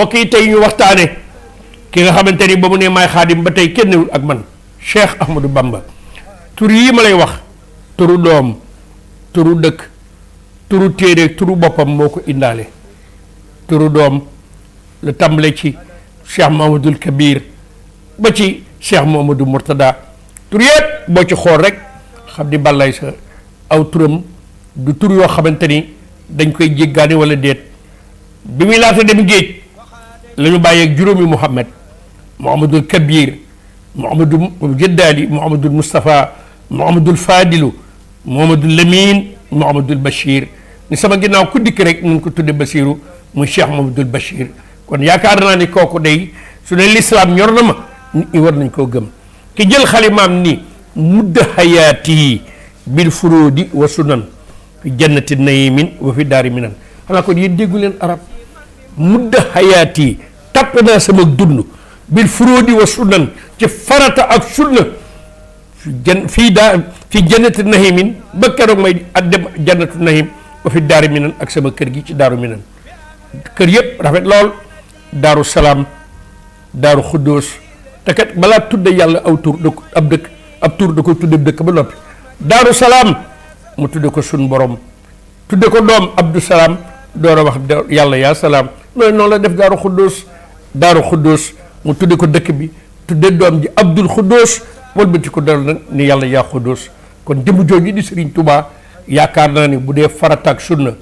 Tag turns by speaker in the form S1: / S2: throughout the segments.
S1: bokki tay ñu waxtane ki nga xamanteni bamu ne may khadim ba kenn ak man cheikh ahmadou bamba tur yi ma lay wax turu dom turu dekk turu téere turu bopam moko indalé turu dom le ci cheikh mamadou kabir ba ci cheikh mamadou murtada tur yépp bo ci xor rek xam ni bàllay sa aw turum du tur yo xamanteni dañ koy jéggani wala déet bi muy laata dem géej la ñu bàyyeeg juróomi Mouhamed Mouhamadul Kabir Mouhamadul Jëddaali Mouhamadul Moustapha Mouhamadul Fadilu Mouhamadul Lamine Mouhamadul bashir ni sama ginnaaw ku dikk rek ñu ko tudde Basiru muy Cheikh Mouhamadul bashir kon yaakaar naa ni kooku day su ne lislaam ñor na ma nit ñi war nañ koo gëm ki jël xalimaam ni mudd hayaati bil furuudi wa sunan fi jannati nayimin wa fi daari minan xanaa kon yéen déggu leen arab mudd hayaati apa naa sama dund bil furudi wa sunan ci farata ak sunna fi da fi jannati nahimin ba kero may adem jannatu nahim ba fi daaru minan ak sama kër gi ci daru minan kër yeb rafet lol daru salam daru khudus te kat balaa tudde yalla aw tur da ab dekk ab tur tudde dekk ba daru salam mu tudde ko sun borom tudde ko dom abdou salam do a wax yalla ya salam non la def daru khudus daaru xuddoos mu tudde ko dëkk bi tudde doom ji abdul xuddoos walbati ko dal nag ni yàlla yaa xuddoos kon jëmm jooju di Serigne Touba yaakaar naa ni bu dee farataak sunna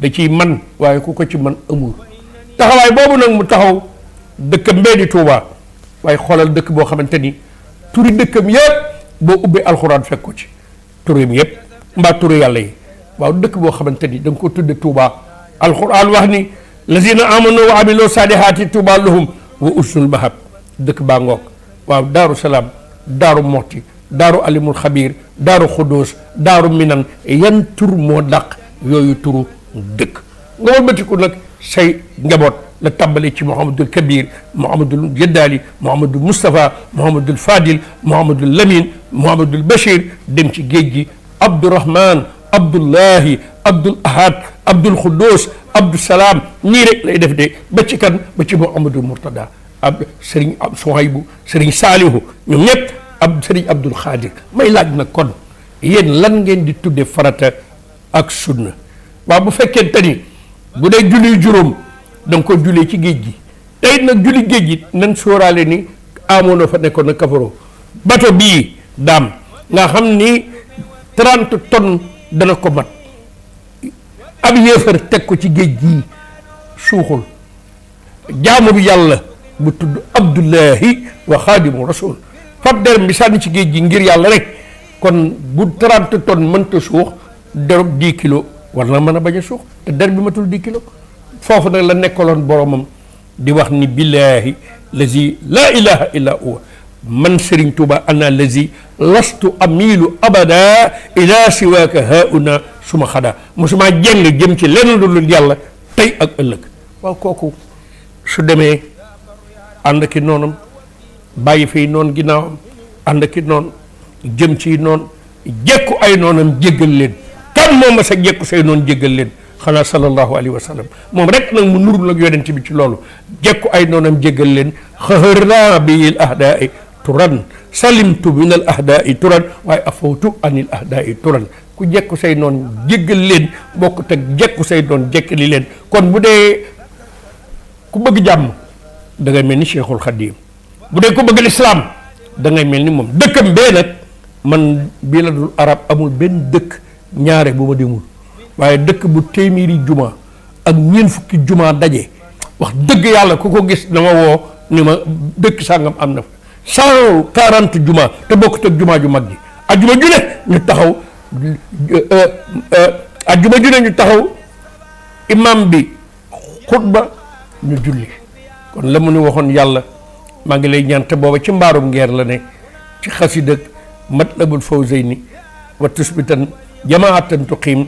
S1: da ciy man waaye ku ko ci man amul taxawaay boobu nag mu taxaw dëkk mbee di Touba waaye xoolal dëkk boo xamante ni turi dëkkam yëpp boo ubbee alxuraan fekk ko ci turim yëpp mbaa turi yàlla yi waaw dëkk boo xamante ni da nga ko tudde Touba alxuraan wax ni الذين امنوا وعملوا الصالحات توبى لهم واسن المهب دك بانغوك واو دار السلام دار موتي دار عليم الخبير دار خدوس دار منن ينتر مودق يوي تورو دك غول متيكو نك سي نبوت لا تابلي سي محمد الكبير محمد الجدالي محمد المصطفى محمد الفاضل محمد اللمين محمد البشير ديم سي عبد الرحمن عبد الله عبد الاحد Abdul Khoudous Abdou Salaam nii rek lay def de ba ci kan ba ci Mouhamadou Mourtada ab sëriñ ab Souhaybou sëriñ Salihu ñoom ñëpp ab Serigne Abdoul Khadir may laaj na kon yéen lan ngeen di tudde farata ak sunna waaw bu fekkee ni bu dee julli juróom da ko jullee ci géej gi tey nag julli géej gi nañ sóoraale ni amoon fa nekkoon na kafaro bato bii daam nga xam ni 30 tonnes dana ko mat. ab yéefar teg ko ci géej gii suuxul jaamu bi yàlla bu tudd abdullahi wa xaadimu rasul fab deram bi sànni ci géej gi ngir yàlla rek kon bu 30 tonnes mënta suux derub 10 kilos war na mën a bañ a suux te der bi matul 10 kilos foofu nag la nekkaloon boromam di wax ni billahi lazi la ilaha illa huwa man Serigne Touba ana lazi lastu amilu abada ila siwaaka hauna suma xada mosuma jeng jëm ci lenn lu dul yàlla tey ak ëllëg waaw kooku su demee ànd ki noonam bàyyi fii noon ginnaawam ànd ki noon jëm ci noon jekku ay noonam jéggal leen kan moom ma sa jekku say noon jéggal leen xanaa sallallahu alayhi wa sallam moom rek nag mu nurul ak bi ci loolu jekku ay noonam jéggal leen turan salimtu min al ahdaai turan waaye afawtu anil ahdaai turan ku jekku say noon jéggal leen bokk te jekku say noon jekkali leen kon bu dee ku bëgg jàmm dangay mel ni cheikhul bu dee ku bëgg lislaam da ngay mel ni moom dëkkam bee nag man bii la arab amul benn dëkk ñaare bu ma demul waaye dëkk bu téeméeri juma ak ñeent fukki juma daje wax dëgg yàlla ku ko gis dama woo ni ma dëkk sàngam am na fa cent quarante juma te bokkut ak juma ju mag ji ajjuma ju ne ñu taxaw euh, euh, euh, ajjuma ju ne ñu taxaw imam bi xutba ñu julli kon la mu nu waxoon yàlla maa ngi lay ñaan te booba ci mbaarum ngeer la ne ci xasida matlabul ni wa tusbitan jamaatan tuqiim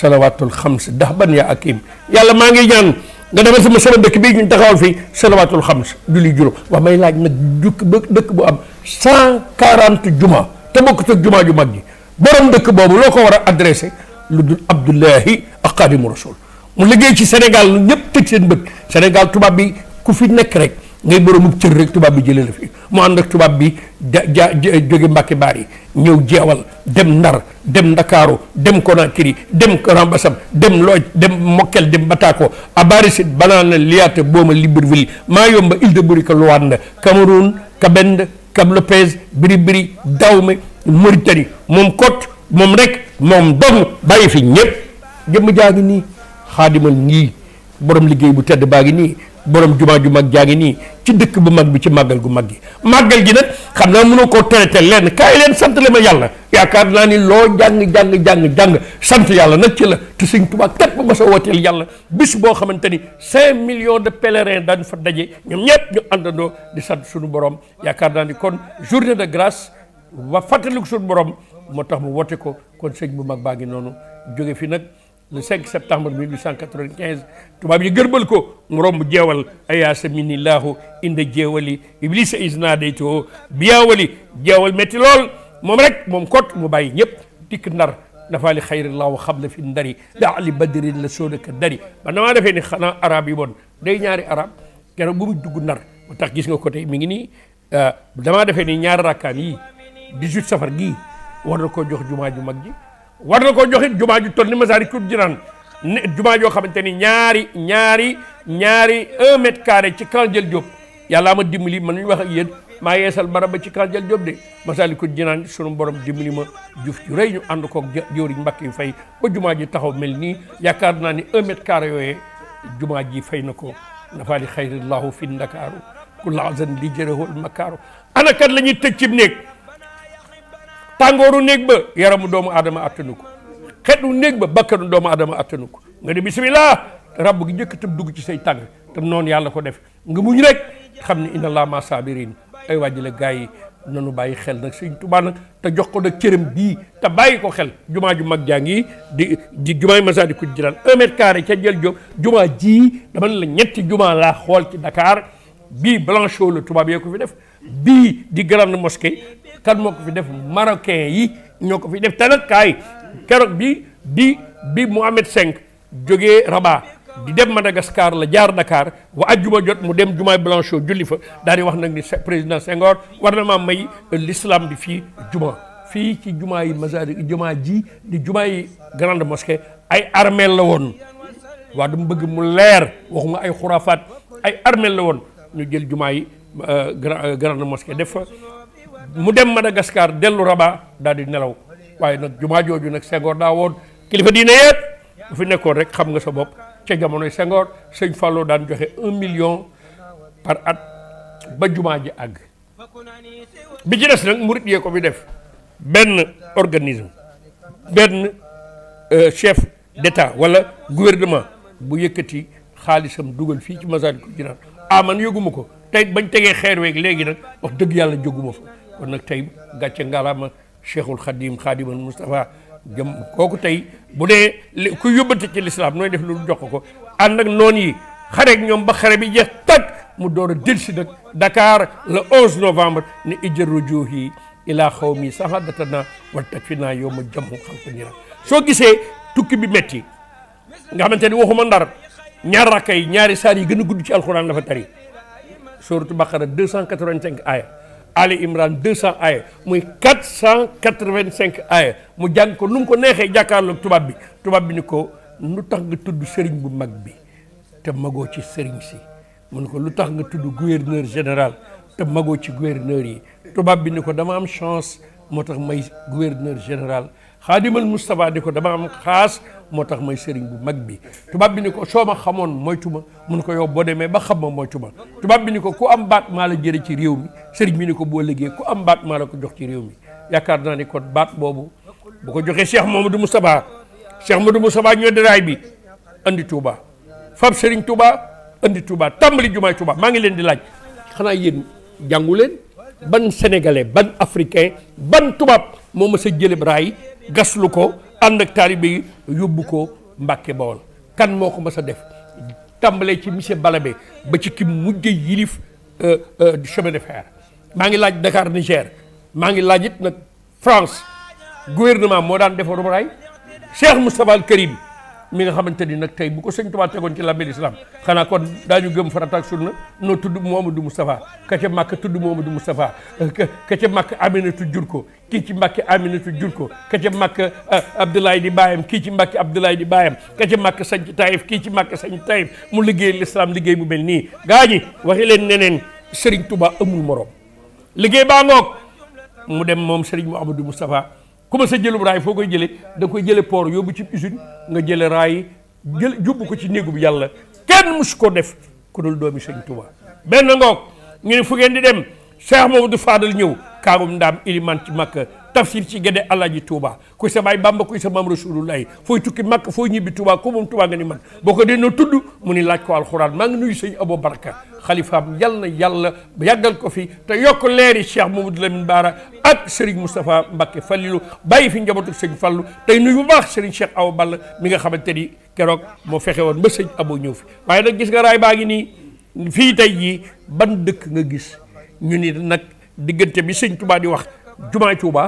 S1: salawatul xams dahban yaa akim yàlla maa ngi ñaan nga demal sama sama dëkk bii ñu taxawal fii salawaatul xams julli juróom wax may laaj nag jukki ba dëkk bu am cent quarante juma te bokkut ak juma ju mag ji borom dëkk boobu loo ko war a adressé lu dul Abdullahi ak Xaadimu Rasul mu liggéey ci Sénégal ñëpp tëj seen bët Sénégal tubaab bi ku fi nekk rek. ngay boroomu cër rek tubaab bi jëlee la fi mu ànd ak tubaab bi ja ja jóge Mbàkke Baar yi ñëw jeewal dem Ndar dem Ndakaaru dem Konakiri dem Rambasam dem Looj dem Mokkel dem Bataako Abarisit Banana Liatta Boma Libreville Mayomba Hildéburg Luanda Cameroun Kabend Cap Lopez Biribiri Dahomey Mauritanie moom kot moom rek moom dong bàyyi fi ñëpp jëmm jaa ngi nii xaadimal nii borom liggéey bu tedd baa ngi nii borom jumaa ju mag jaa ngi nii ci dëkk bu mag bi ci màggal gu mag gi màggal gi nag xam naa mënoo koo traité lenn kaay leen sant le ma yàlla yaakaar naa ni loo jàng jàng jàng jàng sant yàlla nag ci la te Sëñ Tuubaa kat bu ma sa wooteel yàlla bis boo xamante ni cinq millions de pèlerins daan fa daje ñoom ñëpp ñu àndandoo di sant suñu borom yaakaar naa ni kon journée de grâce wa fàttaliku suñu borom moo tax mu woote ko kon sëñ bu mag baa ngi noonu jóge fi nag. le 5 septembre 1895 tubaab yi gërbal ko mu romb jeewal ayaasa minillahu inda jeewali iblisa isnadaytoo biyaawali jeewal métti lool moom rek moom kot mu bàyyi ñëpp dikk ndar dafa li xayrillahu xabla fi ndari daa li badrin la soodaka dari man damaa defee ni xanaa arab yi bon day ñaari arab keroog bu dugg ndar mu tax gis nga ko tey mi ngi nii euh, damaa defee ni ñaari rakkaam yii 18 safar gi war na koo jox jumaa ju mag ji war na koo joxit jumaa ju toll ni Masaalikul Jinaan jumaa joo xamante ni ñaari ñaari ñaari un mètre carré ci Kang Diel Diop yàllaa ma dimbali man ñu wax ak yéen maa yeesal barab ba ci Kang Diel Diop de Masaalikul Jinaan sunu borom dimbali ma juf ju rëy ñu ànd koog jëwriñ Mbàkke fay ba jumaa ji taxaw mel nii yakaar naa ni un mètre carré yooyee jumaa ji fay na ko nafaali xayrillahu fi ndakaaru ku laazan li jërëhul makaaru ana kat la ñuy tëj cib tàngooru néeg ba yaramu doomu aadama attanu ko xetu néeg ba bakkanu doomu adama attanu ko nga ne bismillah rab gi njëkk tam dugg ci say tàng tam noonu yàlla ko def nga muñ rek xam ne inna laa ma sabirin ay wàjji la gars yi nanu bàyyi xel nag sëñ Tuubaa nag te jox ko nag cërëm bii te bàyyi ko xel jumaa ju mag jaa ngi di di jumaay Masaalikul Jinaan un ca jël jom jumaa ji dama ne la ñetti jumaa laa xool ci Dakar bii Blanchot la tubaab yee ko fi def bii di grande moske kan moo ko fi def marocain yi ñoo ko fi def te nag kaay keroog bi bi bi Mohamed V jógee Rabat di dem Madagascar la jaar Dakar wa ajjuma jot mu dem jumaay Blanchot julli fa daal wax nag ni président Senghor war na maa may lislaam bi fii juma fii ci jumaa yi masari jumaa ji di juma yi grande mosquée ay armeel la woon waa dama bëgg mu leer waxu nga ay xuraafaat ay armeel la woon ñu jël jumaa yi euh, grande mosquée def fa mu dem Madagascar dellu rabaa daal di nelaw waaye nag jumaa jooju nag Senghor daa woon kilifa diine yépp bu fi nekkoon rek xam nga sa bopp ca jamonoy Senghor sëñ Fallou daan joxe un million par at ba jumaa ji àgg bi ci des nag murit yee ko bi def benn organisme benn euh, chef d'état wala gouvernement bu yëkkati xaalisam dugal fii ci Masaalikul Jinaan ah man yëguma ko te bañ tegee xeer weeg léegi nag wax dëgg yàlla jóguma fa kon nag tey gàcce ngalaama cheikhul xadim xaadimal Moustapha jëm kooku tey bu dee ku yóbbante ci lislaam nooy def lu jokko ko ànd ak noon yi xareeg ñoom ba bi jeex tag mu door a delsi nag Dakar le 11 novembre ne ijër rujuhi ilaa xawmi sahadatana wa takfina yawma jamu xalqu nira soo gisee tukki bi metti nga xamante ni waxuma ndar ñaar rakka yi ñaari saar yi gën a gudd ci alxuraan dafa tari sourate Baqara 285 aya Ali Imran 200 aaya muy 485 aaya mu jàng ko nu mu ko neexee jàkkaarloog tubaab bi tubaab bi ni ko lu tax nga tudd sëriñ bu mag bi te magoo ci sëriñ si mu ne ko lu tax nga tudd gouverneur général te magoo ci gouverneur yi tubaab bi ni ko dama am chance moo tax may gouverneur général xaadimal Moustapha di ko dama am xaas moo tax may sëriñ bu mag bi tubaab bi ni ko soo ma xamoon mooy ma mun ko yow boo demee ba xam ma mooy ma tubaab bi ni ko ku am baat maa la jëre ci réew mi sëriñ bi ni ko boo liggéey ko am baat maa la ko jox ci réew mi yaakaar naa ni kon baat boobu bu ko joxee Cheikh Mamadou Moustapha Cheikh Mamadou Moustapha ñoo daraay bi andi Touba fab sëriñ Touba andi Touba tàmbali jumaay Touba maa ngi leen di laaj xanaa yéen jàngu ban sénégalais ban africain ban tubaab moo ma sa jëleb raay gaslu ko ànd ak taalibe yóbbu ko Mbàkke Bawol kan moo ko ma sa def tàmbalee ci monsieur Balabé ba ci ki mujj yilif euh, euh, du chemin de fer maa ngi laaj Dakar Niger maa ngi laaj it nag France gouvernement moo daan defarum raay Cheikh Moustapha Al Karim mi nga xamante ni nag tey bu ko sëñ Tuubaa tegoon ci làmbi lislaam xanaa kon daañu gëm farata ak sunna noo tudd Muhammadu Mustafa ka ca màkk tudd Muhammadu Mustafa ka ca màkk Aminatu jur ko kii ci màkk Aminatu jur ko ka ca màkk ah, Abdoulaye di baayam kii ci màkk Abdoulaye di baayam ka ca màkk sañ Taïf kii ci màkk sañ Taïf mu liggéey lislaam liggéey mu mel nii gaañi waxi leen neneen Sëriñ tubaa amul morom liggéey baa ngoog mu dem moom Sëriñ Muhammadu Mustafa ku ma sa jëlub raay foo koy jëlee da koy jële poor yóbbu ci usine nga jële raay jël jubbu ko ci néegu bi yàlla kenn mus ko def ku dul doomi sëñ Tuubaa benn ngoog ñu ne fu ngeen di dem Cheikh Mamadou Fadal ñëw kaarum ndaam iliman ci makka tafsir ci gédé ji tuubaa kuy sa baay Bamba kuy sa maam Rasulullahi fooy tukki makka fooy ñibbi Touba ko moom Touba nga ni man boo ko dee na tudd mu ni laaj ko alxuraan maa ngi nuyu sëñ Abo Barka xalifaam yal na yàlla yàggal ko fi te yokk leeri Cheikh Mamadou Lamine Bara ak Serigne Moustapha Mbacke Fallilu bàyyi fi njabootu sëñ Fallu tey nuyu bu baax Serigne Cheikh Awa Balla mi nga xamante ni keroog moo fexe woon sëñ Abo ñëw fi waaye nag gis nga raay baa ngi nii fii tey jii ban dëkk nga gis ñu ni nag diggante bi sëñ Touba di wax jumaa Touba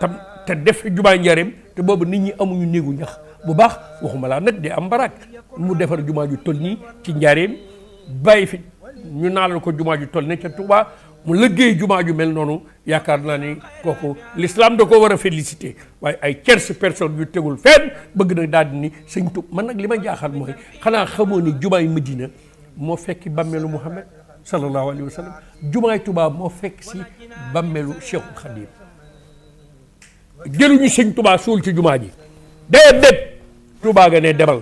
S1: tam te def jumaa Njaareem te boobu nit ñi amuñu néegu ñax bu baax waxuma laa nag di am baraak mu defar jumaa ju toll nii ci Njaareem bàyyi fi ñu naalal ko jumaa ju toll ne ca Touba mu liggéey jumaa ju mel noonu yaakaar naa ni kooku l'islam da ko war a féliciter waaye ay tierce personne yu tegul fenn bëgg na daal di ni sëñ Touba man nag li ma jaaxal mooy xanaa xamoo ni jumaay Medina moo fekki bàmmeelu Muhammad sallallahu alaihi wasallam jumaay Touba mo fek ci bammelu Cheikh Khadim jëluñu sëñ Touba suul ci jumaa ji day deb Touba ga ne demal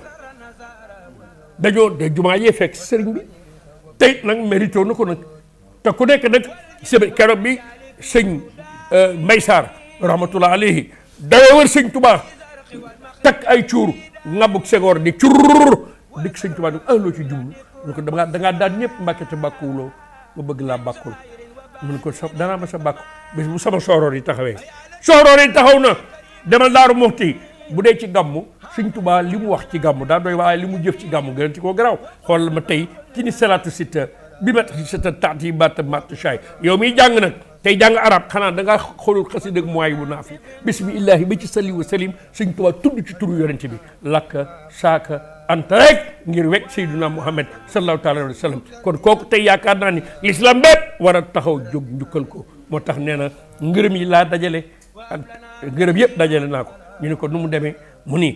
S1: dajo de jumaa ye fek serigne bi tay nak merito nako nak ta ku nek nak sebe keroog bi sëñ euh, Mbay Sarr rahmatullah alayhi dawee wër sëñ Touba tak ay cuur ngabuk segor di ciur dik sëñ Touba du aloo ci jublu mu ne ko dangaa dangaa daan ñëpp mbàkke te bàkkuwuloo ma bëgg laa bàkkul mu ko sa danaa ma sa bàkku bis bu sama sooroor yi taxawee sooroor yi taxaw na demal daaru muxti bu dee ci gàmmu suñ tubaa li mu wax ci gàmmu daa doy waaye li mu jëf ci gàmmu gën ci koo garaaw xoolal ma tey ci ni salaatu bi ma sita taat yi batta matt shaay yow miy jàng nag tey jàng araab xanaa da ngaa xoolul xasida ak mooy bu naafi bismillahi ba ci sali wa salim suñ tubaa tudd ci turu yonente bi lakka saaka anta rek ngir wekk sayduna muhammad sallallahu taala alayhi wa sallam kon kooku tey yaakaar naa ni l'islam bépp war a taxaw jóg njukkal ko moo tax nee na ngërëm yi laa dajale ak ngërëm yëpp dajale naa ko ñu ne ko nu mu demee mu ni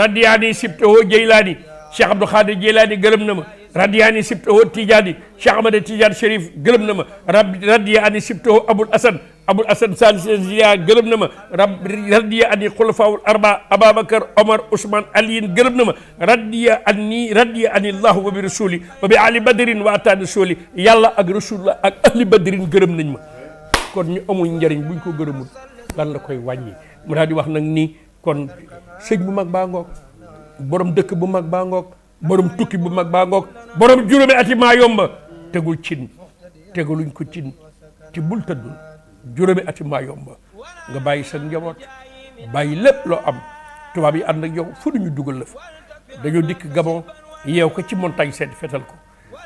S1: radiyaani sibtahoo jëylaani Cheikh Abdou Khadir Jilaani gërëm na ma radiyaani sibtahu Tijaani Cheikh Ahmada Tijaan Chérif gërëm na ma rabbi radiyaani sibtahu Abul Asan Abul Asan Salis Ziya gërëm na ma rabbi radiyaani xulafaawul arba Ababacar Omar Ousmane Aliyin gërëm na ma radiyaani radiyaani Allahu wa bi rasuli wa bi ali badrin wa ataani rasuli yàlla ak rasulullah ak ali badrin gërëm nañ ma kon ñu amul njëriñ buñ ko gërëmul lan la koy wàññi mu daal di wax nag nii kon sëñ bu mag baa ngoog borom dëkk bu mag baa ngoog borom tukki bu mag baa ngoog borom juróomi ati maa yomba tegul cin teguluñ ko cin ci bul tëddul juróomi ati maa yomba nga bàyyi sa njaboot bàyyi lépp loo am tubaab yi am ak yow fu ñu dugal la fa dañoo dikk Gabon yeew ko ci montagne seet fetal ko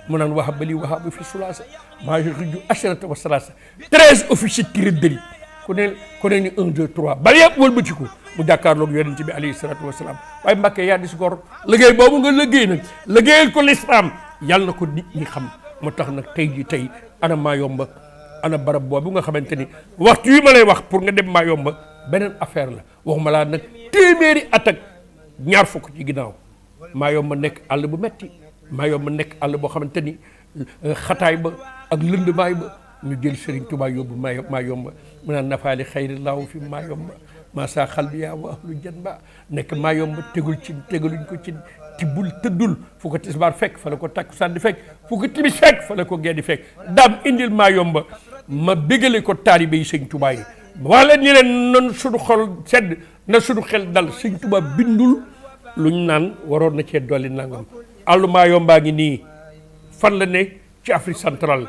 S1: mu naan wahab li wahab fi sulaasa maa ju asharata wa salaasa treize officiers tiré d'élite ku ne ku ne ni un deux ba bal yëpp wëlbatiku mu jàkkaarloog yonent bi alayhi salaatu wasalaam waaye Mbàkke yaa di si gor liggéey boobu nga liggéey nag liggéeyal ko lislaam yàlla ko nit ñi xam mu tax nag tey ji tey ana maa yomba ana barab boobu nga xamante ni waxtu yi ma lay wax pour nga dem maa yomba beneen affaire la waxuma laa nag téeméeri at ñaar fukk ci ginnaaw maa yomba nekk àll bu metti maayoom yomba nekk àll boo xamante ni xataay ba ak lëndbaay ñu jël sëriñ Touba mayom ma maa yomb mu nan nafaali xayri fi ma yomb ma sa wa ahlu ba ma maa tegul ci tegaluñ ko ci tibul, teddul fu ko tisbar fek fa la ko takku sandi fek fu ko timis fek fa la ko gee fek dam indil ma yomba ma bégale ko taalibe yi Touba yi wala ni len non suñu xol sedd na suñu xel dal sëñ Touba bindul luñ nan waro na ci doli nangam àllu maa yombaa ngi ni fan la ne ci Afrique centrale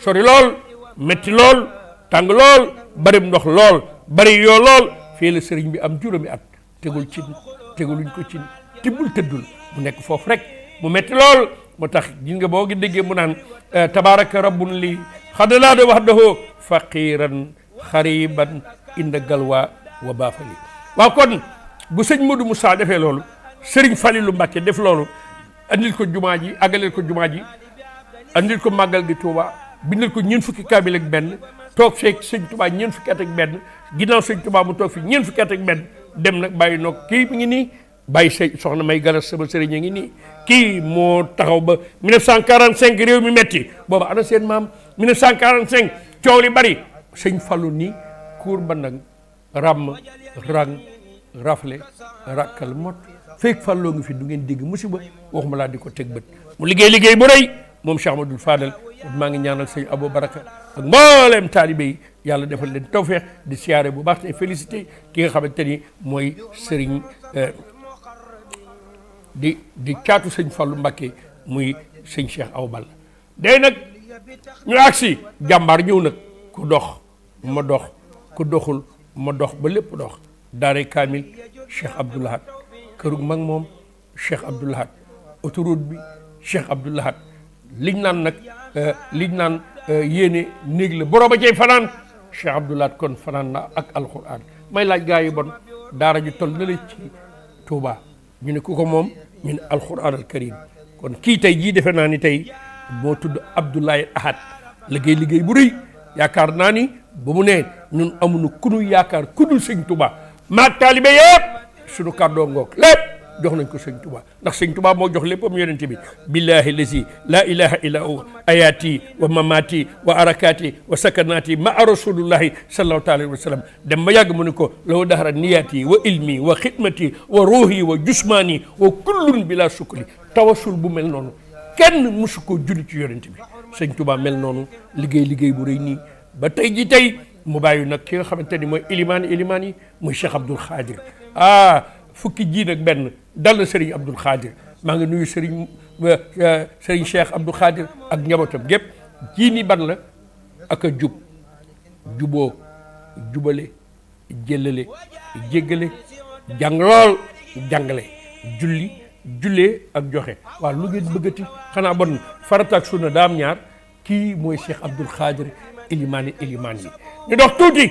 S1: sori lol, metti lool tàng lool bari ndox lool bari yoo lool fii la sëriñ bi am juróomi at tegul ci teguluñ ko ci tibul tëddul mu nekk foofu rek mu metti lool mu tax gis nga boo gi déggee mu naan eh, tabaraka rabbun li xadalaada waxdahu faqiran xariban inda galwa wa baafali waaw kon bu sëñ Modou Moussa defee loolu sëriñ falilu Mbacke def loolu andil ko jumaa ji agalil ko jumaa ji andil ko màggal gi Touba bindal ko ñeen fukki kaamil ak ben tok fek seigne touba ñeen fukki at ak ben ginnaaw seigne touba mu tok fi ñeen fukki at ak ben dem nak bàyyi nok ki mi ngi ni bàyyi sëñ soxna may galas sama sëriñ ngi ni ki mo taxaw ba 1945 rew mi metti booba ana seen mam 1945 ciowli bari seigne fallu ni cour ba nak ram rang rafle rakal mot fek fallo nga fi du ngeen dégg musiba waxuma la diko ko teg mu liggey liggey bu rëy mom Cheikh Amadou Fadal ma ngi ñaanal sey Abou Baraka ak mbooleem talibé yalla defal leen tawfiq di siaré bu baax té félicité ki nga xamanteni moy sëriñ eh, di di katusan sëriñ fallu Mbacké muy sëriñ Cheikh Awa Balla day nak ñu aksi jambar ñëw nak ku dox ma dox ku doxul ma dox ba lepp dox daré kamil Cheikh abdullah mag Cheikh abdullah bi Cheikh Abdullah. liñ naan nag euh, liñ naan euh, yéene néeg la boroom ba cay fanaan Cheikh Abdoulaat kon fanaan na ak alxuraan may laaj gaa yi bon daara ju toll na la ci Touba ñu ne ku ko moom ñu ne alxuraan al kon kii tey jii defe naa ni tey moo tudd Abdoulaye Ahad liggéey liggéey bu rëy yaakaar naa ni ba mu nee ñun amuñu ku nu yaakaar ku dul sëñ Touba maag taalibe yëpp sunu kàddoo ngoog lépp. جوخ نانكو توبا ناخ توبا مو جوخ ليبام يونتي بي بالله الذي لا اله الا هو اياتي ومماتي واركاتي وسكناتي مع رسول الله صلى الله عليه وسلم دم ياغ مونيكو لو دهر نياتي وعلمي وخدمتي وروحي وجسماني وكل بلا شكر توسل بو مل نونو كين مسكو جولي تي يونتي بي توبا مل نونو ليغي ليغي بو ريني با تاي جي تاي mu bàyyi nag ki nga xamante ni mooy iliman iliman dal na serigne abdul khadir ma nga nuyu serigne euh, euh, serigne cheikh abdul khadir ak njabotam gep jini ban la ak jub jubo jubale jellele jegele jang lol jangale julli julle ak joxe wa lu ngeen beugati xana bon farata ak sunna dam ñaar ki moy cheikh abdul khadir ilimani ilimani ni dox tuti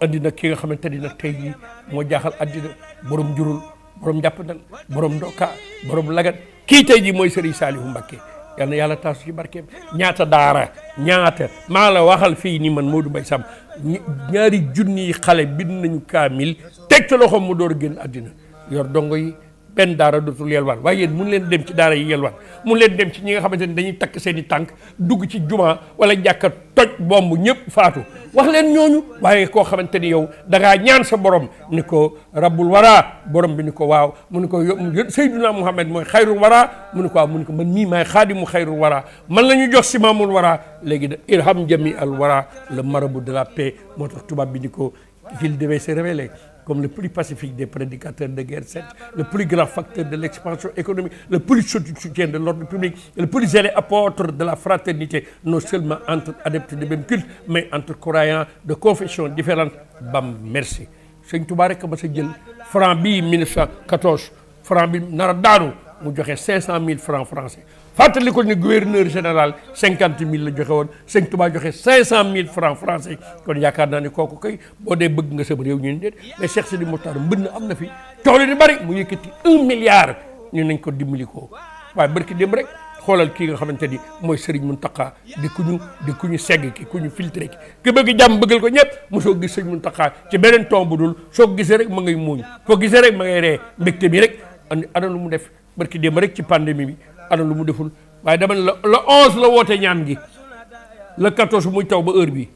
S1: andina ki nga xamanteni nak tay mo jaxal adina borom jurul borom njàppandal borom ndoka borom lagat kii tey ji mooy Serigne Saliou mbakke yal na yàlla taasu ci barkeem ñaata daara ñaata maa la waxal fii ni man Modou Mbaye Samb ñaari junni yi xale bind nañu kaamil teg ca loxoom mu door génn àddina yor dongo yi benn daara dootul yelwaan waaye yéen mun leen dem ci daara yi yelwaan mun leen dem ci ñi nga xamante ni dañuy takk seen i tànk dugg ci jumaa wala jàkka toj bomb ñëpp faatu wax leen ñooñu waaye koo xamante ni yow da ñaan sa borom ni ko rabbul wara borom bi ni ko waaw mu ni ko sayduna muhammad mooy xayrul wara mu ni ko waaw mu ni ko man mii maay xaadimu xayrul wara man la ñu jox si maamul wara léegi da irham jami al la mara marabout de la paix moo tax tubaab bi ni ko il devait se révéler comme le plus pacifique des prédicateurs de guerre 7, le plus grand facteur de l'expansion économique, le plus soutien de l'ordre public, le plus zélé apôtre de la fraternité, non seulement entre adeptes du même culte, mais entre croyants de confessions différentes. Bam, merci. Seigne Touba ma franc 1914 franc bi nous francs français. fàttalikul ne gouverneur général cinquante mille la joxe woon sëñ Touba joxe cinq cent mille francs français kon yaakaar naa ne kooku kay boo dee bëgg nga sama réew ñu ne déet mais Cheikh Sidi Mokhtar mbënn am na fi coow li ni bari mu yëkkati un milliard ñu nañ ko dimbali ko waaye bërki dem rek xoolal kii nga xamante ni mooy Serigne mun di ku ñu di ku ñu segg ki ku ñu filtré ki ki bëgg jàmm bëggal ko mu soo gis Serigne Mountakha ci beneen tomb bu dul soo ko gisee rek ma ngay muuñ soo gisee rek ma ngay ree bi rek ana lu mu def barki dem rek ci pandémie bi ana lu mu deful waaye demal ne la le onze la woote ñaan gi le quatorze muy taw ba heure bi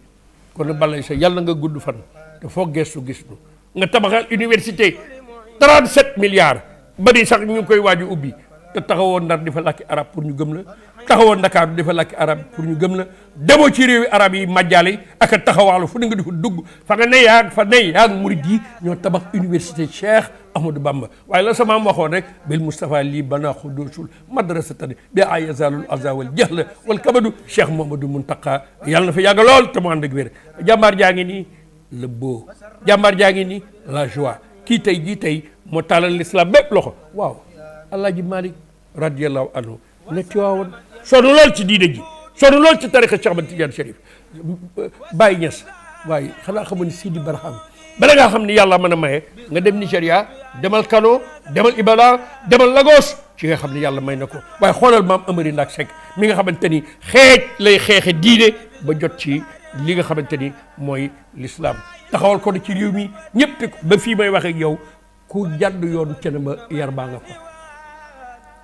S1: kon balay sa yàlla nga gudd fan te foo gestu gis nga tabaxal université 37 milliards bari sax ñu ngi koy waaju ubbi te taxawoon ndar di fa làkki arab pour ñu gëm la taxawoon ndakaaru di fa làkki arab pour ñu gëm la demoo ci réewi arab yi majjaale ak a taxawaalu fu ne nga di fa dugg fa nga ne yaag fa ne yaag murid yi ñoo tabax université Cheikh Ahmadou Bamba waaye la sama am waxoon rek bil Moustapha lii bana xudusul madrasatan bi ayazalul aza wal jahla wal kabadu Cheikh Mouhamadou Mountakha yàlla na fa yàgg lool te mu ànd ak wér jàmbaar jaa ngi nii le beau jàmbaar jaa ngi nii la joie kii tey jii tey moo taalal l'islam bépp loxo waaw radiyallahu anhu na Tiwaawoon sonn lool ci diine ji sonn lool ci tariqa Cheikh Ahmad Tidiane Chérif Baye Niass waaye xanaa xamoon Sidi Barham bala ngaa xam ni yàlla mën a maye nga dem Nigéria demal Kano demal Ibadan demal Lagos ci nga xam ni yàlla may na ko waaye xoolal maam Amari Ndak Seck mi nga xamante ni xeej lay xeexe diine ba jot ci li nga xamante ni mooy l'islam taxawal ko ci réew mi ñëpp ba fii may wax yow ku jàdd yoon cene ba yar baa nga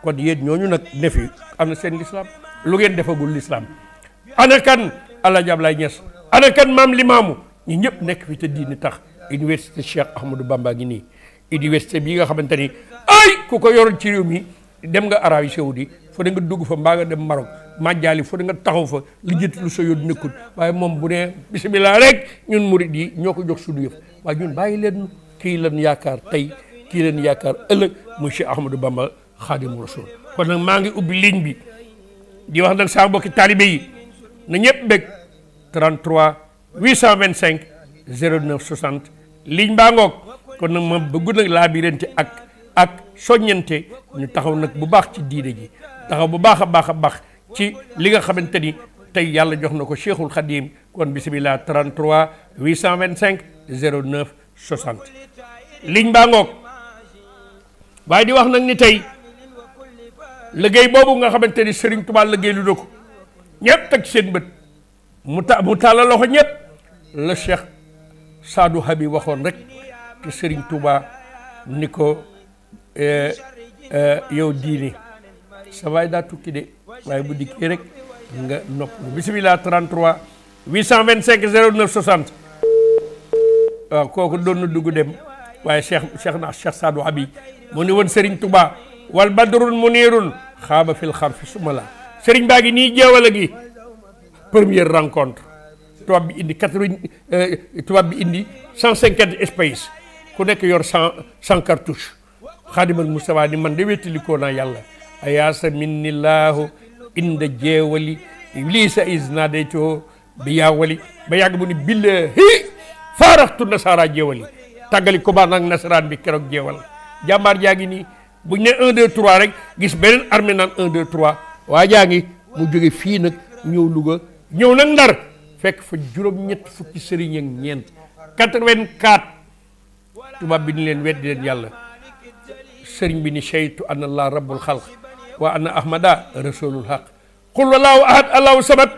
S1: kon yéen ñooñu nag ne amna am na seen l'islam lu ngeen defagul l'islam ana kan ala lay ñes ana kan mam limaamu ñi ñep nek fi te diini tax université Cheikh Ahmadou Bamba gi ni université bi nga xamanteni ay ku ko yoroon ci rew mi dem nga arabi Saoudi fo da nga dugg fa mbaa nga dem Maroc majali fo nga taxaw fa li jitt lu so yoon nekkul waye mom bu ne bismillah rek ñun murid yi ñoko jox suñu yef waaye ñun bayi len ki len yakar tay ki len yakar monsieur Ahmadou Bamba xaadimu rasul kon nag maa ngi ubbi ligne bi di wax nag saa mbokki taalibe yi na ñëpp bëgg 33 825 09 60 ligne baa ngoog kon nag ma bëggu nag laa birante ak ak soññante ñu taxaw nag bu baax ci diine ji taxaw bu baax a baax a baax ci li nga xamante ni tey yàlla jox na ko cheikhul xadim kon bisimilah 33 825 09 60 ligne baa ngoog waaye di wax nag ni tey liggéey boobu nga xamante ni Serigne Touba liggéey lu na ko ñëpp teg seen bët mu ta mu tàllal loxo ñëpp la Cheikh Sadou Habi waxoon rek te Serigne Touba ni ko eh, eh, yow diine sa waay daa tukki de waaye bu dikkee rek nga nopp bisimilah 33 825 09 60 waaw kooku doon na dugg dem waaye Cheikh Cheikh na Cheikh Sadou Habi mu ni woon Serigne Touba. wal badrun munirun xaaba fi suma la sëriñ baa ngi nii jeewale gi première rencontre tubaab bi indi quatre-vingt euh, tubaab indi cent cinquante espace ku nekk yor cent cent cartouche xaadimal ni man de wettalikoo naa yàlla ayaasa minnillahu inda jeewali lii sa is naa day too bi yaawali ba yàgg mu ni billahi faaraxtu nasaara jeewali tàggali ko baa nag nasaraan bi keroog jeewal jàmbaar jaa ngi nii buñ né 1 2 3 rek gis benen armée nan 1 2 3 wa jaangi mu joge fi nak ñew luga ñew nak ndar fekk fa juroom ñet fukki serigne ak ñent 84 tuba bi ni len wedd len yalla serigne bi ni shaytu anna allah rabbul khalq wa anna ahmada rasulul haq qul wallahu ahad Allah samad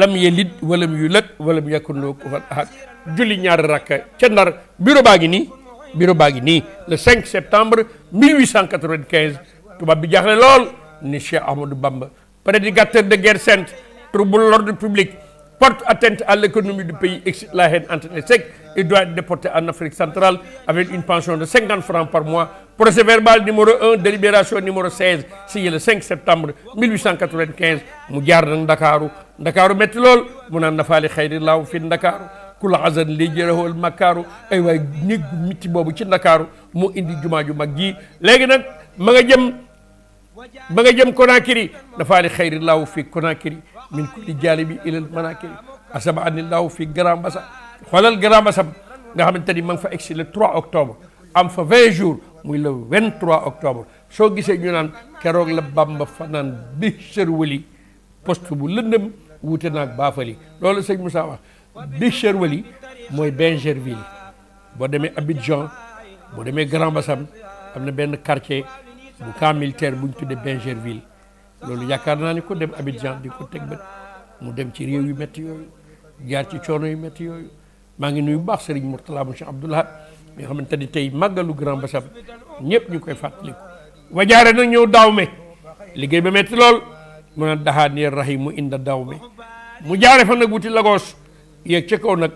S1: lam yalid walam yulad walam yakun lahu kufuwan ahad julli ñaar rakka ci ndar biro baagi ni Birobagini, le 5 septembre 1895 qui va l'ol ni Bamba prédicateur de guerre sainte trouble l'ordre public porte atteinte à l'économie du pays excite la haine entre les et doit être déporté en Afrique centrale avec une pension de 50 francs par mois procès verbal numéro 1 délibération numéro 16 signé le 5 septembre 1895 jaar Dakarou kula xasan lii jëlewul makaaru ay waay mitti boobu ci ndakaaru mu indi jumaa ju mag ji léegi nag ma nga jëm ma nga jëm Conakry dafa li xayri laaw fi Conakry min kulli jaalibi ilal manakiri asaba ani laaw fi Grand Bassam xoolal Grand Bassam nga xamante ni ma nga fa egsi le 3 octobre am fa 20 jours muy le 23 octobre soo gisee ñu naan keroog la Bamba fanaan bi sër wëli bu lëndëm wuute naag baafali loolu sëñ Moussa wax Becherweli mooy Bingerville boo demee Abidjan boo demee Grand Bassam am na benn quartier bu camp militaire bu ñu tuddee Bingerville loolu yaakaar naa ni ko dem Abidjan di ko teg bët mu dem ci réew yu métti yooyu jaar ci coono yu métti yooyu maa ngi nuyu bu baax Serigne Mourtala mu Cheikh Abdoulaye nga xamante ni tey màggalu Grand Bassam ñëpp ñu koy fàttaliku. wajaare nag ñëw daaw me liggéey ba métti lool mu naan daxaa niir rahimu inda daaw me mu jaare fa wuti Lagos. yeeg ca nag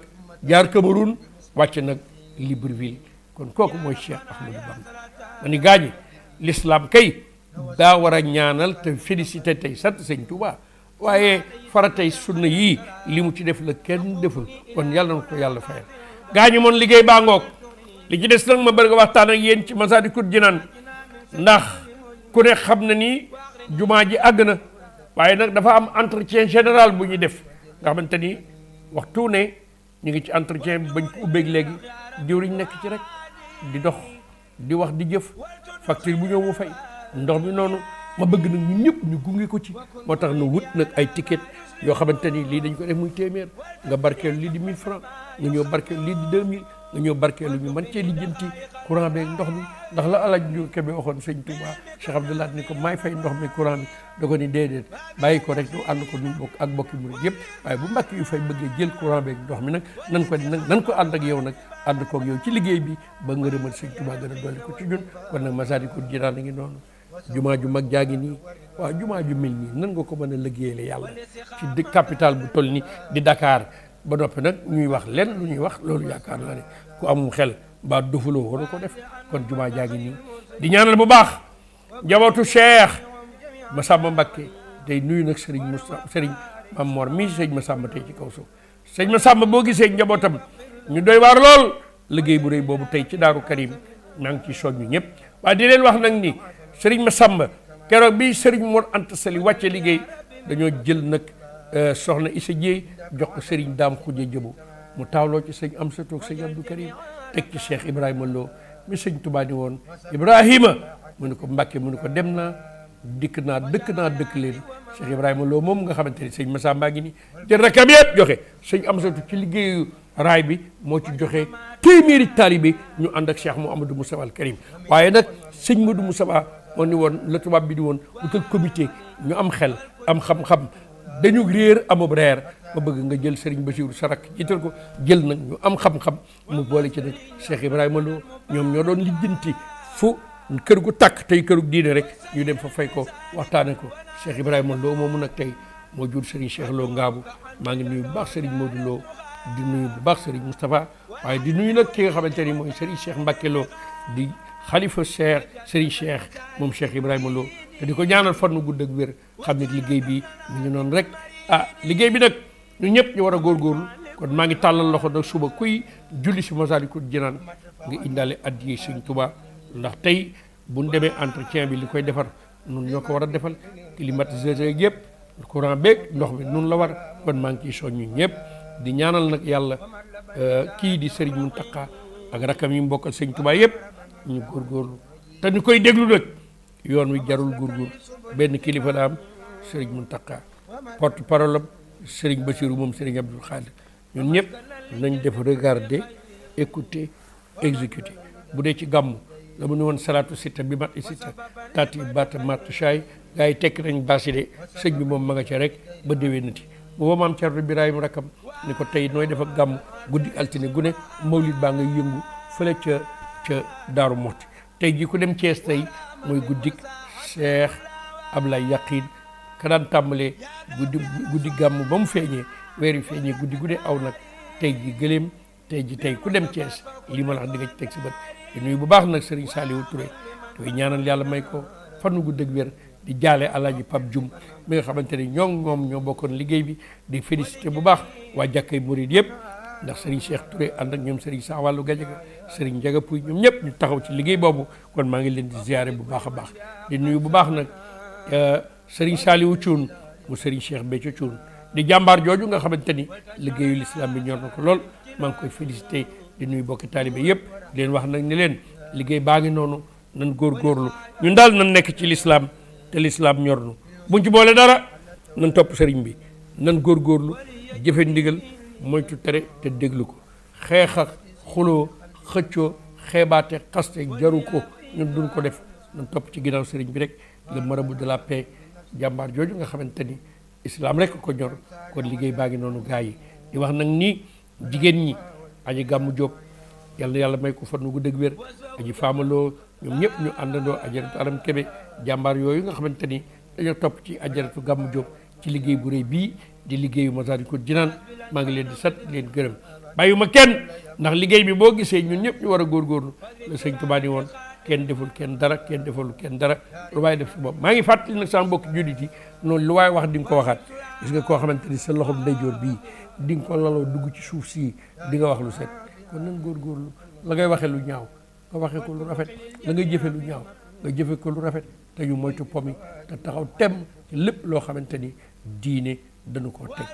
S1: jaar Cameroun wàcc nag Libreville kon kooku mooy Cheikh Ahmadou Bamba ma ni gaañi l'islam kay daa war a ñaanal te félicité tey sant sëñ Touba waaye faratay sunna yii li mu ci def la kenn deful kon yàlla na ko yàlla fayal gaañi moon liggéey baa ngoog li ci des nag ma bëgg waxtaan ak yéen ci Masaalikul Jinaan ndax ku nekk xam na ni jumaa ji àgg na waaye nag dafa am entretien général bu ñu def nga xamante ni waxtu ne ñu ngi ci entretien bi bañ ko ubbeeg léegi diwriñ nekk ci rek di ndox di wax di jëf facture bu ñëw mu fay ndox mi noonu ma bëgg nag ñu ñëpp ñu gungee ko ci moo tax nu wut nag ay ticket yoo xamante ni lii dañ ko def muy téeméer nga barkeel lii di 1000 francs nga ñëw barkeel lii di 2000 dañoo lu ñu man cee lijjanti courant beeg ndox mi ndax la alaaj ñu kebe waxoon sëñ Touba Cheikh Abdoulaye ni ko maay fay ndox mi courant bi da ko ni déedéet bàyyi ko rek ñu ànd ko ñun bokk ak bokki murid yëpp waaye bu mbàkk yu fay bëggee jël courant beeg ndox mi nag nan ko nan ko ànd ak yow nag ànd koog yow ci liggéey bi ba nga rëmal sëñ Touba gën a dolli ko ci ñun kon nag Masaalikul Jinaan a ngi noonu jumaa ju mag jaa ngi nii waaw jumaa ju mel nii nan nga ko mën a liggéeyale yàlla ci di capital bu toll ni di Dakar ba noppi nag ñuy wax lenn lu ñuy wax loolu yaakaar naa ku amum xel ba dofuloo waru ko def kon jumaa jaa ngi nii di ñaanal bu baax njabootu ma Massamba Mbacké tey nuyu nag sëriñ Moussa Serigne Mame Mor sëñ Massamba tey ci kaw suuf sëñ Massamba boo gisee njabootam ñu doy waar lool liggéey bu rey boobu tey ci Daaru Karim maa ngi ciy soññu ñëpp waaye di leen wax nag ni ma Massamba keroog bi Serigne Mor Anta Sali wàcce liggéey dañoo jël nag euh, soxna Issa jox ko Serigne Dame Khoudia Diabo mu tawlo ci seigne am sa seigne Abdou Karim tek ci Cheikh ibrahim Lo mi seigne Touba ni won Ibrahima mu ne ko Mbàkke mu ne ko dem na dik na dekk na dekk leen Cheikh ibrahim Lo mom nga xamanteni seigne Massa mbagi ni jël rakam yeb joxe seigne am sa ci liggéeyu ray bi mo ci joxe téeméeri talibi ñu and ak Cheikh mohamedou Moussa Al Karim waye sing seigne Modou Moussa moo ni won le touba bi di won wutal comité ñu am xel am xam-xam dañu ma bëgg nga jël Serigne Bassirou Sarak ci jiital ko jël nak ñu am xam-xam mu boole ci nak Cheikh Ibrahima Lo ñom ñoo doon lijjanti fu kër gu tak tay kër gu diine rek ñu dem fa fay ko waxtaane ko Cheikh Ibrahima Lo moomu nak tay mo jur Serigne Cheikh Lo ngabu ma ngi nuyu bax Serigne Modou Lo di nuyu bu bax Serigne mustapha waye di nuyu nak ki nga xamanteni moy Serigne Cheikh Mbacke Lo di khalifa Cheikh Serigne Cheikh mom Cheikh Ibrahima Lo te di ñaanal fannu gudd ak wër xamni liggey bi ñu non rek ah liggey bi nak ñu ñëpp ñu war a góorgóorlu kon maa ngi tàllal loxo nag suba kuy julli si masalikul jinaan nga indaale addiye sëñ tuba ndax tey bu ñu demee entretien bi li koy defar nun ñoo ko war a defal climatiseur yëpp courant beeg ndox mi nun la war kon maa ngi ciy soññu ñëpp di ñaanal nag yàlla euh, kii di sëriñ Muntaqa ak rakam yi mbokkal sëñ tuba yëpp ñu góorgóorlu te ñu koy déglu nag yoon wi jarul góorgóorlu benn kilifa la am sëriñ Muntaqa porte parole Serigne Bassirou moom Serigne Abdoul Khadir ñun ñëpp nañ def regarder écouter exécuter bu dee ci gàmm la mu ne woon salaatu sitta bi mat i sitta taati baata mat shaay gaa yi tekki nañ baasi de sëñ bi moom ma nga ca rek ba déwénati booba maam Cerno Birahim rakam ni ko tey nooy def ak gàmm guddi altine gune mawlid baa ngay yëngu fële ca ca Daaru Muxti tey jii ku dem Cees tey mooy guddik ab la Yaqin ka daan tàmbalee guddi guddi gàmm ba mu feeñee weer yu feeñee guddi guddi aw nag tey ji gëléem tey ji tey ku dem cees lii ma la wax di teg si bët di nuyu bu baax nag Serigne Saliou ture tey ñaanal yàlla may ko fanu gudd ak wér di jaale alaaji Pape Dioum mi nga xamante ni ñoo moom ñoo bokkoon liggéey bi di félicité bu baax waa jàkkay murid yëpp ndax Serigne Cheikh Touré ànd ak ñoom Serigne Sawalou Gadiaga Serigne Ndiaga Pouy ñoom ñëpp ñu taxaw ci liggéey boobu kon maa ngi leen di ziare bu baax a baax di nuyu bu baax nag euh, sëriñ Saliou Thioune mu sëriñ Cheikh Béthio Thioune di jàmbaar jooju nga xamante ni liggéeyu lislaam bi ñor na ko lool maa ngi koy félicité di nuyu bokki taalibe yëpp leen wax nag ni leen liggéey baa ngi noonu nan góor góorlu ñun daal nan nekk ci lislaam te lislaam ñor nu buñ ci boole dara nan topp sëriñ bi nan góorgóorlu jëfe ndigal moytu tere te déglu ko xeex ak xuloo xëccoo xeebaate xaste jaru ko ñun duñ ko def nan topp ci ginnaaw sëriñ bi rek le marabout de la paix jàmbaar jooju nga xamante ni islam rekk ko ñor kon liggéey baa ngi noonu gaa yi di wax nag ni jigéen ñi aju gàmmu jóg yalla yàlla may ko fannu gu dëgg wér aji faamaloo ñoom ñëpp ñu àndandoo ajaratu aram kebe jàmbaar yooyu nga xamante ni dañoo topp ci ajaratu gàmmu jóg ci liggéey bu rëy bii di liggéeyu Masaalikul Jinaan maa ngi leen di sant leen gërëm bàyyi ma kenn ndax liggéey bi boo gisee ñun ñëpp ñu war a góorgóorlu la sëñ Tuubaa ni woon kenn deful kenn dara kenn defalu kenn dara lu waay def si bopp maa ngi fàttali nag sama mbokk jullit yi noonu lu waay wax di nga ko waxaat gis nga koo xamante ni sa loxob ndeyjoor bii di nga ko laloo dugg ci suuf sii di nga wax lu set kon góor góorlu la ngay waxee lu ñaaw nga waxee ko lu rafet la ngay jëfe lu ñaaw nga jëfe ko lu rafet te ñu moytu po mi te taxaw tem lépp loo xamante ni diine dañu ko teg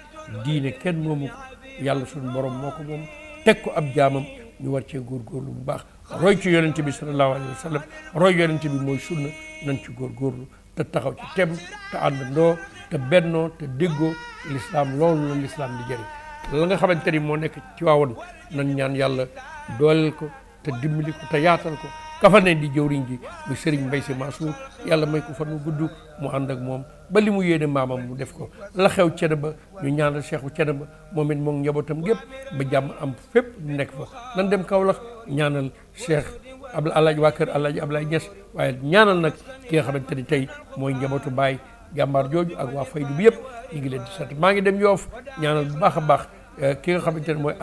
S1: diine kenn moomu ko yàlla suñu borom moo ko moom teg ko ab jaamam ñu war cee góorgóorlu bu baax roy ci yonent bi sallallahu alayhi wa sallam roy yonent bi mooy sunna nañ ci góor góorgóorlu te taxaw ci tem te àndandoo te bennoo te déggoo l'islam loolu la l'islam di la nga xamante ni moo nekk ci waawoon nañ ñaan yàlla dooleel ko te dimbali ko te yaatal ko kafane ne di jëwriñ ji muy serigne mbay si mansour may ko fan mu gudd mu and ak mom ba limu mu mamam maamam mu def ko la xew ci ba ñu ñaanal cheikhu ci ba momit it moom njabootam gépp ba jam am nek fa nan dem ñaanal cheikh abla alaaji waa kër alaaji ablaay ñes waaye ñaanal nak ki nga xamanteni tay moy njabotu njabootu gambar joju ak wa faydu bi yep ñu ngi leen di sat ma ngi dem yof ñaanal bu baaxa baax eh, ki nga xamanteni moy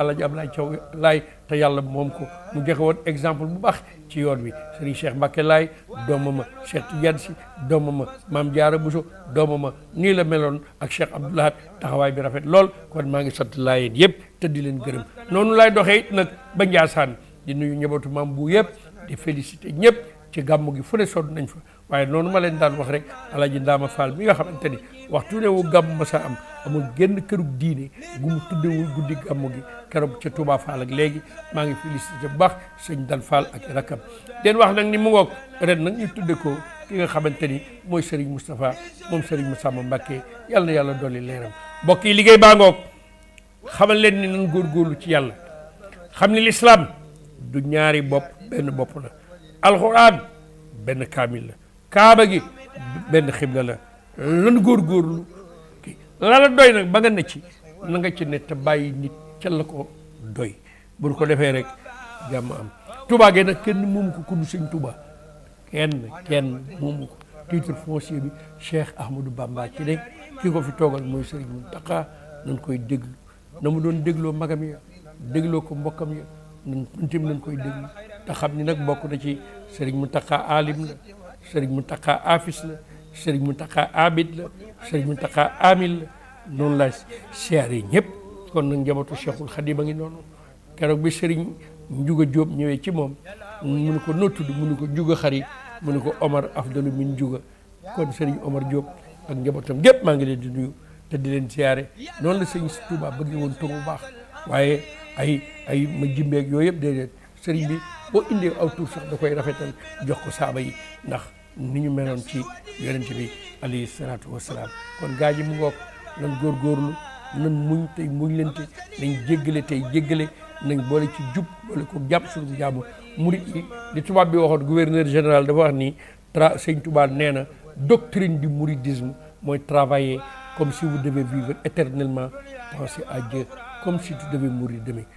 S1: te ko mu joxe exemple bu baax ci yoon wi sëriñ Cheikh Mbacke Laay doomam Cheikh Tidiane si doomam maam Diarra Bousso doomam nii la meloon ak Cheikh Abdoulahat taxawaay bi rafet lool kon maa ngi sant laayeen yëpp te di leen gërëm noonu laay doxee nag ba Njaasaan di nuyu ñëbatu maam bu yëpp di félicité ñëpp. ci gàmm gi fu ne sonn nañ fa waaye noonu ma leen daan wax rek Alaaji Ndaama Faal mi nga xamante ni waxtu ne wu gàmm ma sa am amul génn kërug diine gu mu wu guddi gàmm gi keroog ca Touba Fall ak léegi maa ngi félicité bu baax sëñ Dan Fall ak rakam den wax nag ni mu ngoog ren nag ñu tudde ko ki nga xamante ni mooy Serigne Moustapha moom Serigne Massamba Mbacké yàlla na yàlla dolli leeram mbokk yi liggéey baa ngoog xamal leen ni nan góorgóorlu ci yàlla xam ni lislaam du ñaari bopp bopp la alxuraan benn kaamil la kaaba gi benn xibla la lan góorgóorlu kii lala doy nag ba nga ne ci na nga ci ne te bàyyi nit ca la ko doy bu ko defee rek jàmm am Touba gee nag kenn moomu ko kudd sëñ Touba kenn kenn moomu ko titre foncier bi Cheikh Ahmadou Bamba ci de ki ko fi toogal mooy Sëriñ Mountakha nañ koy déglu na mu doon dégloo magam ya dégloo ko mbokkam ya ñun tim nañ koy déglu ta xamni nak bokku na ci serigne muntaka alim la serigne muntaka afis la serigne muntaka abid la serigne muntaka amil la non laa kon nak jabatu Cheikhul Khadim ngi noonu kérok bi serigne Njuga job ñewé ci mom mu ne ko noo mu ko juga Xari mu ko Omar afdalu min juga, kon serigne Omar job, ak njabootam gep ma ngi leen di nuyu te di leen ziaré non la serigne Touba bëgg won tur bu baax waye ay ay ma jimbeeg ak yoyep déedéet serigne bi boo indee aw tuur sax da koy rafetal jox ko saaba yi ndax ni ñu meloon ci yonent bi alayhi salaatu wasalaam kon gaa ji mu ngoog nan góorgóorlu nan muñ tey muñ lente nañ jéggale tey jéggale nañ boole ci jub boole ko jàpp suñu jàmm murit yi di tubaab bi waxoon gouverneur général dafa wax ni tra sëñ tubaab nee na doctrine du mouridisme mooy travailler comme si vous devez vivre éternellement penser à Dieu comme si tu devais mourir demain